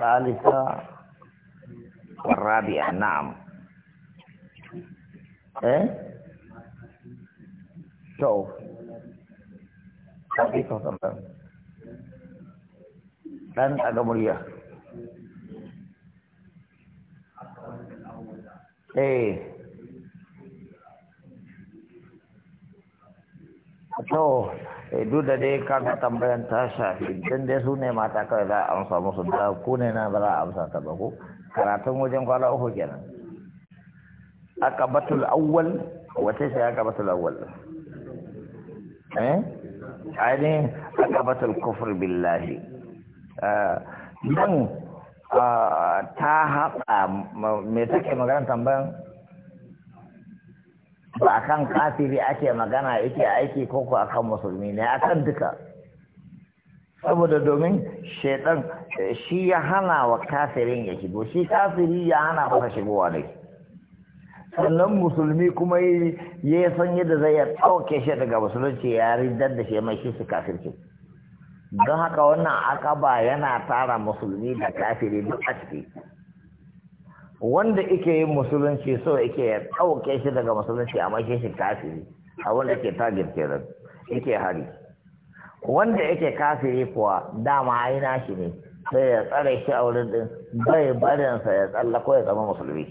thalitha warabi'ah na'am eh so tapi kosong dan to eh, duk da dai ga tambayan ta shafi dan dai su ne mata kawai za a amsa musu da ku ne na ba za a amsa ta ba ko karatun wajen kwana uku kenan akabatul awwal wace sai akabatul awwal eh ainihin akabatul kufr billahi eh, nan ah, ta haɓa me take magana tambayan ba akan kafiri ake magana yake aiki ko ko akan musulmi ne akan duka saboda domin shaidan shi ya hana wa kafirin ya shigo shi kafiri ya hana shigo shigowa ne sannan musulmi kuma ya san yadda zai ya ɗauke shi daga musulunci ya ridar da shi mai shi su kafirci don haka wannan akaba yana tara musulmi da kafiri duk a ciki wanda ike yin musulunci so ike ya ɗauke shi daga musulunci a mashi shi kafiri a wanda ke tagir kenan ike hari wanda yake kafiri kuwa dama aina shi ne sai ya tsare shi a wurin din bai barinsa ya tsalla ko ya zama musulmi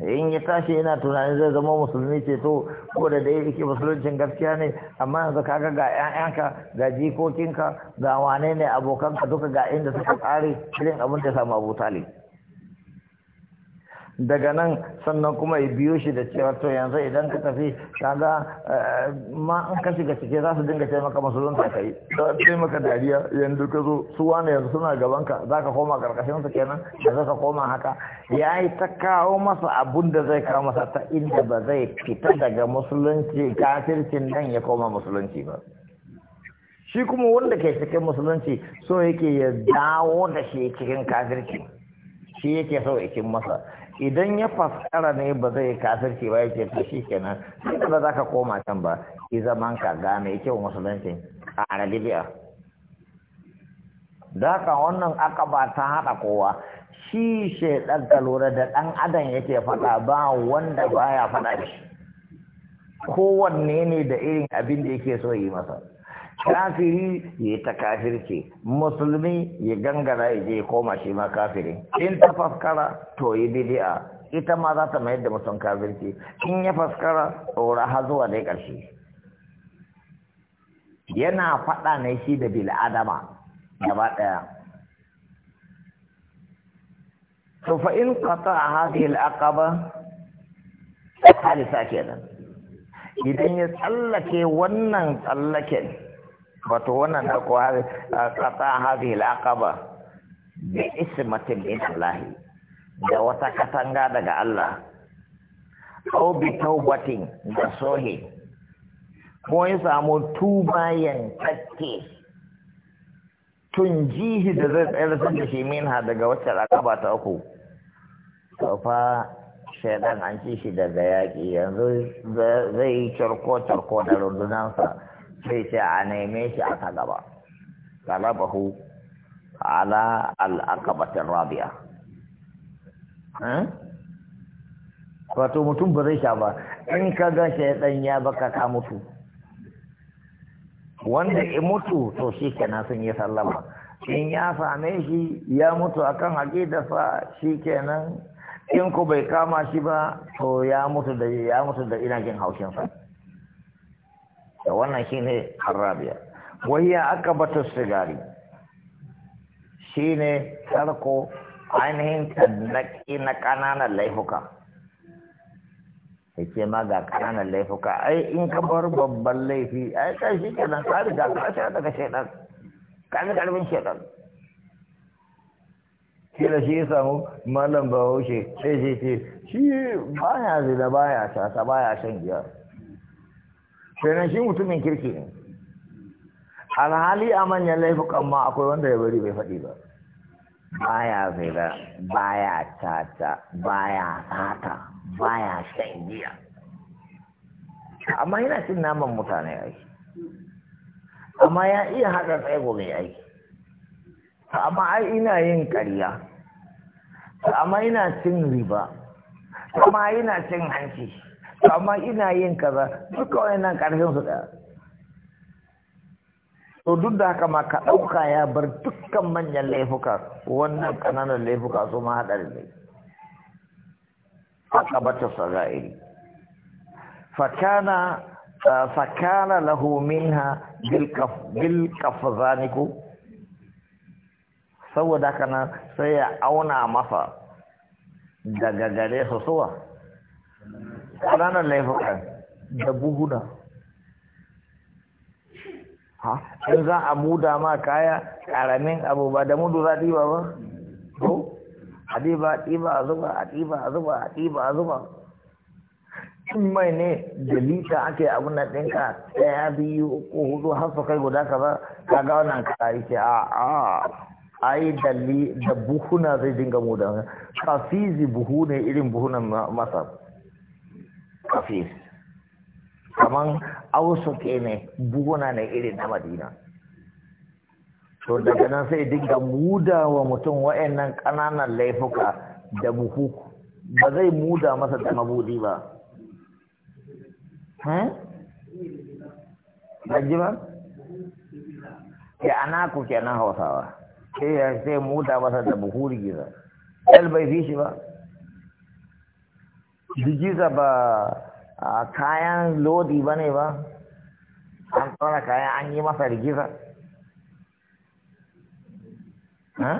in ya tashi yana tunanin zai zama musulmi ce to ko da dai yake musuluncin gaskiya ne amma yanzu kaga ga ƴaƴanka ga jikokinka ga wane ne abokanka duka ga inda suka tsari, irin abin da samu abu talib daga nan sannan kuma ya biyo shi da cewa to yanzu idan ka tafi kaga eh, ma an ka shiga cike za su dinga ce maka kai to sai maka dariya yanzu ka zo su wani yanzu suna gaban ka za ka koma karkashin su kenan da za ka koma haka ya yi ta kawo masa abun da zai kawo masa ta inda ba zai fita daga musulunci kafircin nan ya koma musulunci ba shi kuma wanda ke cikin musulunci so yake ya dawo da shi cikin kafirci shi yake so ya cin masa idan ya faskara ne ba zai kafirci ba yake ta shi kenan sai da za ka koma can ba ki zaman ka mai kyau musulunci ƙara bidiya da haka wannan ba ta haɗa kowa shi shaidan ka lura da ɗan adam yake faɗa ba wanda baya faɗa shi kowanne ne da irin abin da yake so yi masa kafiri ya ta kafirce musulmi ya gangara ya je koma shi ma kafiri in ta faskara to yi bidi'a ita ma za ta mayar da musulun kafirci in ya faskara tsora har zuwa dai ƙarshe yana faɗa ne shi da bil'adama gaba ɗaya to fa in qata hadhihi al-aqaba hadisa kenan idan ya tsallake wannan tsallaken wato wannan da ko kata qata hadhihi a bi ismatin min da wata katanga daga Allah ko bi tawbatin da sohi ko ya samu tuba Tun jihi da zai tsayar da shi minha daga wacce al'aqaba ta uku to fa shaidan an ci shi daga yaki yanzu zai yi carko-carko da rundunansa sai sai a neme shi a ta gaba talabahu ala al'aqabatin rabi'a hmm? wato mutum ba zai sha ba in ka ga shaidan ya baka ka mutu wanda ya mutu to shi kenan sun yi sallama in ya same shi ya mutu akan fa shi kenan in ku bai kama shi ba to ya mutu da ya mutu da ina jin haushinsa da wannan shi ne shine harabiya aka bata sigari Shi ne tarko ainihin tannaki na ƙananan laifuka yake ma ga ƙananan laifuka ai in ka bar babban laifi ai kai shi ke ka riga ka sha daga shaidan ka ji karfin shaidan kila shi ya samu malam bahaushe sai sai ce shi ba ya zina ba ya baya ba ya shan giya kenan shi mutumin kirki ne alhali a manyan laifukan ma akwai wanda ya bari bai faɗi ba baya zira baya tata baya tata baya shan giya amma yana cin naman mutane aiki amma ya iya haɗa tsaye mai aiki amma ai ina yin ƙarya amma ina cin riba amma ina cin hanci to amma ina yin kaza duka wannan karfin su da to duk da haka ma ka ɗauka ya bar dukkan manyan laifuka wannan ƙananan laifuka su ma haɗari ne a ƙabatar sarra'iri fakana fakana lahu minha bil zaniku saboda kana sai ya auna masa daga gare su suwa ƙananan laifukan da buhuna ha in za a muda ma kaya ƙaramin abu ba da mudu za a ɗiba ba ko a ɗiba a ɗiba a zuba a ɗiba a zuba a ɗiba a zuba in mai ne da lita ake abin nan ɗinka ɗaya biyu uku hudu har su kai guda ka ba ka ga wannan ka ce a a ai dalli da buhuna zai dinga mudan ka fizi buhu ne irin buhunan masar kafis kaman ausuke ne buguna ne irin na madina to daga nan sai dinga muda wa mutum wa'annan ƙananan laifuka da buhu ba zai muda masa da mabudi ba ji ba? ke ana ku kenan hausawa sai muda masa da buhu rigiza ɗal bai fi shi ba Jijiza ba a kayan lodi ba ne ba, an tsara kayan an yi masa Ha?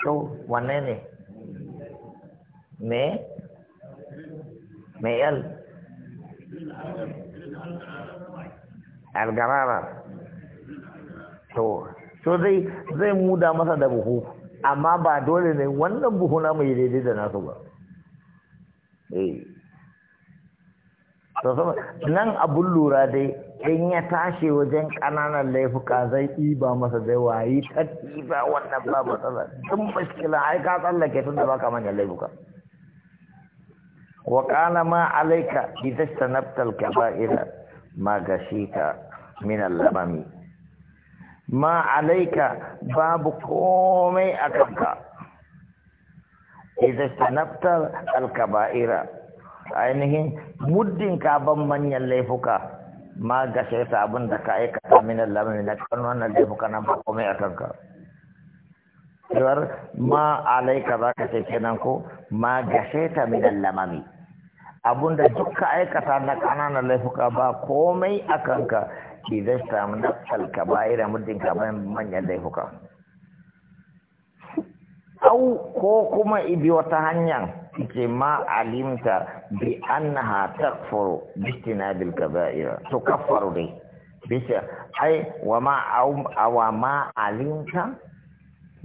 Kyau, wanne ne? Me? Me yal? Algarara. To, so zai muda masa da buhu, amma ba dole ne wannan buhu na mai daidai da nasu ba. Eh. nan abun lura dai in ya tashi wajen ƙananan laifuka zai ɗiba masa zai wayi ta ɗiba wannan ba matsala tun mashkila ai ka tsallake tun da baka manyan laifuka wa ƙala ma alaika idan sanabtal kaba'ira ma gashita min al ma alaika babu komai a kanka idza tanabta alkaba'ira ainihin muddin ka ban manyan laifuka ma ga ta abin da ka aikata min al na kan wannan laifuka na ba komai a kanka cewar ma alaika za ka ce kenan ko ma ga ta min al-lamami abin da duk ka aikata na kananan laifuka ba komai a kanka idan ta nafsal alkaba'ira muddin ka ban manyan laifuka au ko kuma ibi wata hanyar ke ma alimta bi annaha takfuru bistinabil kaba'ira to kafaru dai bisa ai wa ma awa ma alimta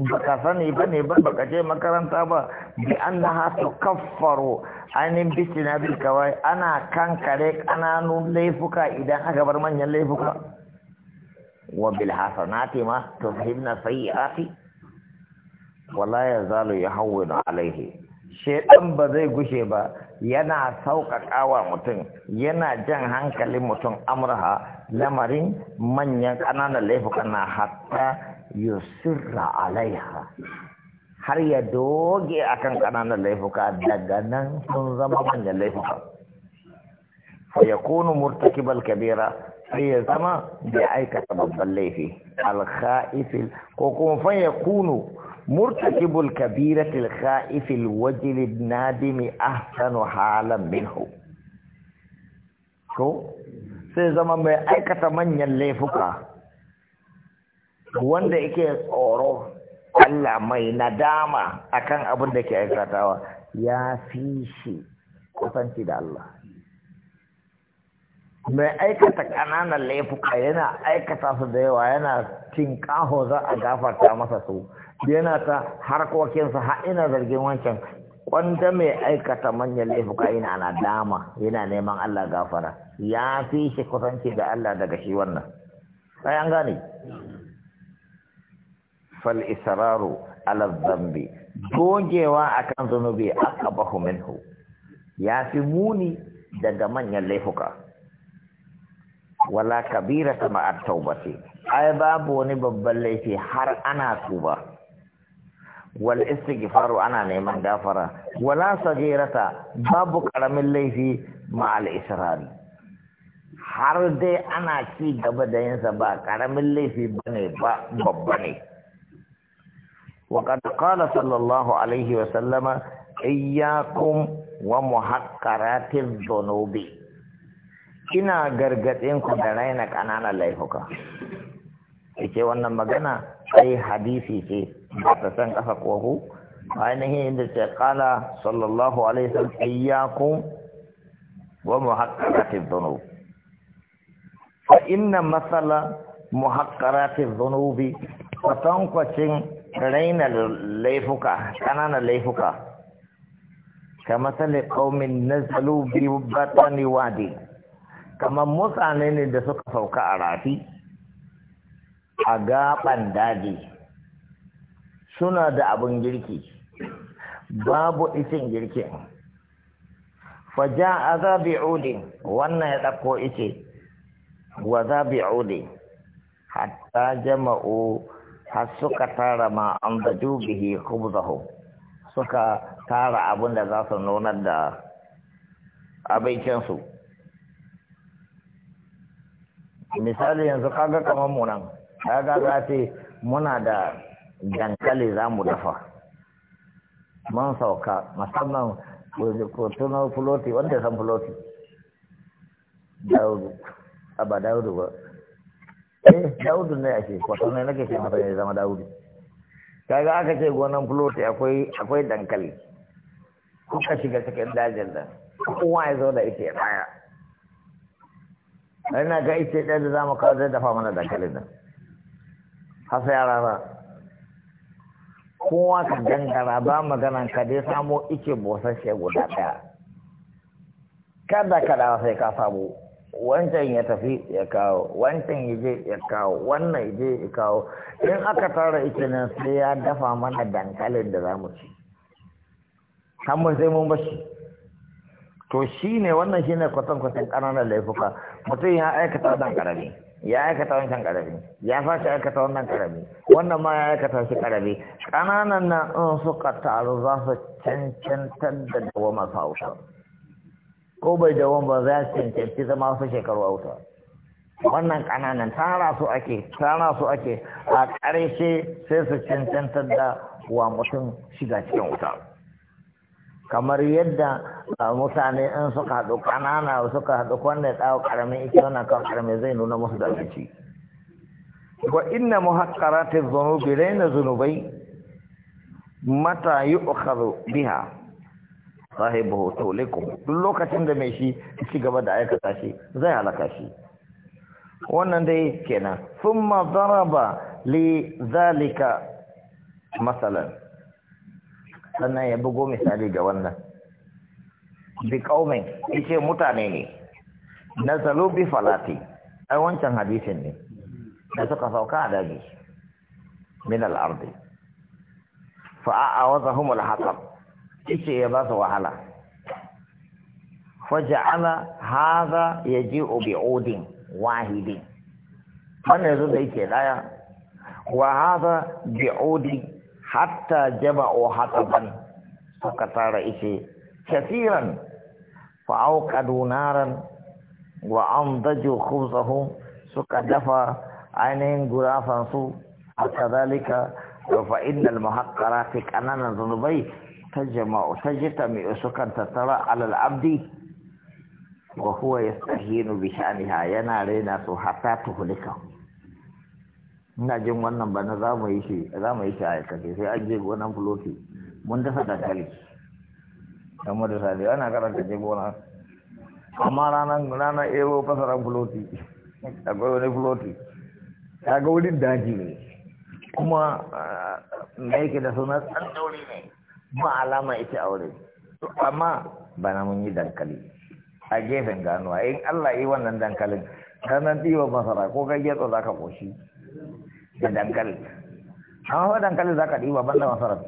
baka sani ba ne ba baka je makaranta ba bi annaha tukaffaru ainihin bistinabil kawai ana kankare kananun laifuka idan aka bar manyan laifuka wa bil hasanati ma tuhibna sayyi'ati wala ya zalu ya hawwina alaihi shedan ba zai gushe ba yana sauƙaƙawa mutum yana jan hankalin mutum amurha lamarin manyan ƙananan laifukan na hatta yusirra alaiha har ya doge akan ƙananan laifuka daga nan sun zama manyan laifuka fa yakunu murtakibal kabira sai ya zama bai aikata babban laifi alkha'ifil ko kuma fa kunu. murtakibul kabiratil kha'ifil wajilid nadimi ahsanu halan minhu ko sai zama mai aikata manyan laifuka wanda yake tsoro Allah mai nadama akan abin da ke aikatawa ya fi shi kusanci da Allah mai aikata ƙananan laifuka yana aikata su da yawa yana cin za a gafarta masa su yana ta harkokinsa har ina zargin wancan wanda mai aikata manyan laifuka yana na dama yana neman Allah gafara ya fi shi kusanci da Allah daga shi wannan sai an gane fal israru ala dhanbi dogewa akan zunubi aqabahu minhu ya fi muni daga manyan laifuka wala kabira kama at taubace ai babu wani babban laifi har ana tuba wal istighfaru ana neman gafara wala sajirata babu karamin laifi ma al israri har dai ana ci gaba da yinsa ba karamin laifi bane ba babba ne qala sallallahu alaihi wa sallama iyyakum wa ومحقرات dhunubi ina gargaɗin ku da raina ƙananan laifuka yake wannan magana sai hadisi ce ba san kafa ko ainihin inda ta kala sallallahu alaihi wasallam iyyakum wa fa inna raina laifuka ƙananan laifuka ka matsali ƙaumin nazalu biyu batani wadi kamar mutane ne da suka sauka a rafi a gaɓan daji suna da abin girki babu isin girki faja a udin wannan ya ɗako ice wa zabi udin hatta jama'u har suka tara ma an da dubihi kubzahu suka tara abin da za su nunar da abincinsu misali yanzu kaga kamar munan kaga za ce muna da dankali za mu dafa man sauka musamman tunar fuloti wanda san fuloti daudu a ba daudu ba eh daudu ne ake kwato ne nake ce masa ne zama daudu kaga aka ce gonan fuloti akwai dankali kuka shiga cikin dajin da kowa ya zo da ita ya baya ina ga ita ɗaya da za mu kawo zai dafa mana dankalin nan hasa yara ba kowa ka dangara ba magana ka dai samo ike shi guda ɗaya kada ka sai ka samu wancan ya tafi ya kawo wancan ya je ya kawo wannan ya je ya kawo in aka tara ike nan sai ya dafa mana dankalin da za mu ci har mun sai mun bashi to shine wannan shine kwatankwatan ƙananan laifuka mutum ya aikata dan ƙarami ya aikata wancan karami ya fashi aikata wannan karami wannan ma ya aikata shi karami ƙananan nan in suka taru za su cancantar da dawa masu hausa ko bai dawon ba za su cancanci zama su shekaru hausa wannan ƙananan tara su ake tara su ake a ƙarshe sai su cancantar da wa mutum shiga cikin wuta kamar yadda mutane in suka haɗu ƙanana suka haɗu kwanne ɗawa ɗawo ƙaramin ita wannan kan ƙaramin zai nuna musu da alhaji wa inna muhaqqaratiz zunubi raina zunubai mata ukaru biha sahibu tulikum duk lokacin da mai shi ci gaba da aikata shi zai halaka shi wannan dai kenan thumma daraba li zalika masalan sannan ya bugo misali ga wannan bi kaumin yace mutane ne nazalu bi falati ai wancan hadisin ne da suka sauka a daji min al-ardi fa a'awazahum al-hatab yace ya ba su wahala faja'ala hadha yaji'u bi'udin wahidi wannan yanzu da yake daya wa hadha bi'udin hatta jama'u hataban suka tara ishe kasiran fa'auqadu naran wa amdaju khubzahum suka dafa ainihin gurafan su akadhalika fa innal muhaqqarati kanana dhunubai tajma'u tajtami'u suka tattara 'ala al-'abdi wa huwa yastahinu bi sha'niha yana raina su hatta tuhlikahu ina jin wannan bana za mu yi shi za mu yi shi a aikace sai an je gonan fulofi mun dasa dankali dan mu da ana karanta je gona amma ranar ranar ebo fasaran fuloti akwai wani fuloti Ya ga wurin daji ne kuma na eh, yake da suna tsan dauri ne ba alama ita aure amma bana mun yi dankali a gefen ganuwa in Allah yi wannan dankalin ranar diwa masara ko gaggiyar za ka koshi da dankali amma ba dankali za ka ɗiba banda masarar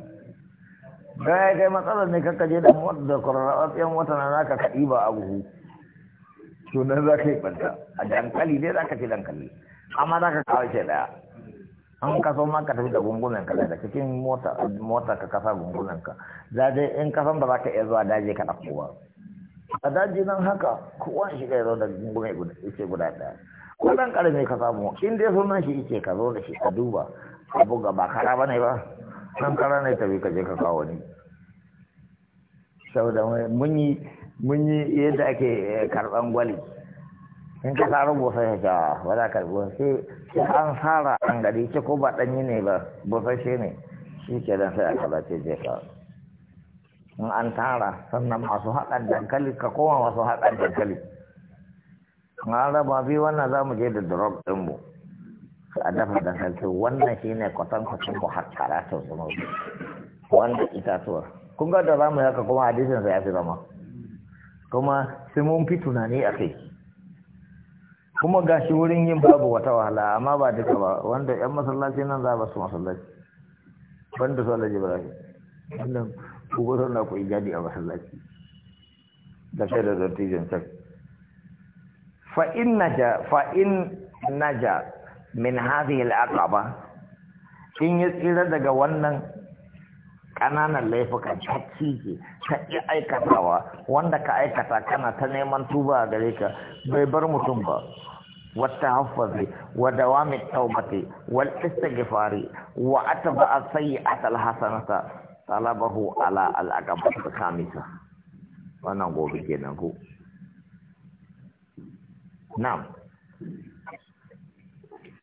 da ya kai matsalar ne kakka je da mota da kwararratsiyan wata na za ka ka ɗiba a buhu to nan za ka yi ɓanta a dankali dai za ka ci dankali amma za ka kawo shi ɗaya an kaso ma ka tafi da gungunan ka da cikin mota mota ka kasa gungunan ka da dai in kasan ba za ka iya zuwa daji ka ɗauko ba a daji nan haka kowa shi ka yi zo da gungume guda ɗaya ko dan karami ka samu in dai sunan shi yake ka zo da shi ka duba ka buga ba kara bane ba nan kara ne tabi ka je ka kawo ni saboda mun yi mun yi yadda ake eh, karban gwali in ka sa rubuta ya ga ba za ka rubuta sai an fara an gari ce ko ba danyi ne ba busashe ne shi ke dan sai aka zace je ka in an tara sannan masu haɗa dankali ka koma masu haɗa dankali an babi biyu wannan za mu je da drop ɗinmu a dafa da sarki wannan shi ne kwatan mu hattara ta zama wanda itatuwar kun ga da za mu yaka kuma sa ya fi zama kuma sai mun fi tunani a kai kuma ga shi wurin yin babu wata wahala amma ba duka ba wanda yan masallaci nan za ba su masallaci banda su alaji ba wannan kuburar na ku ijadi a masallaci da kai da zartijin sarki fa'in naja fa'in naja min hadhihi al-aqaba in ya tsira daga wannan ƙananan laifukan cacci ce ta aikatawa wanda ka aikata kana ta neman tuba a gare ka bai bar mutum ba والتحفظ ودوام التوبة والاستغفار وأتبع السيئة الحسنة طلبه على الأقبة الخامسة ونقول بجنه na'am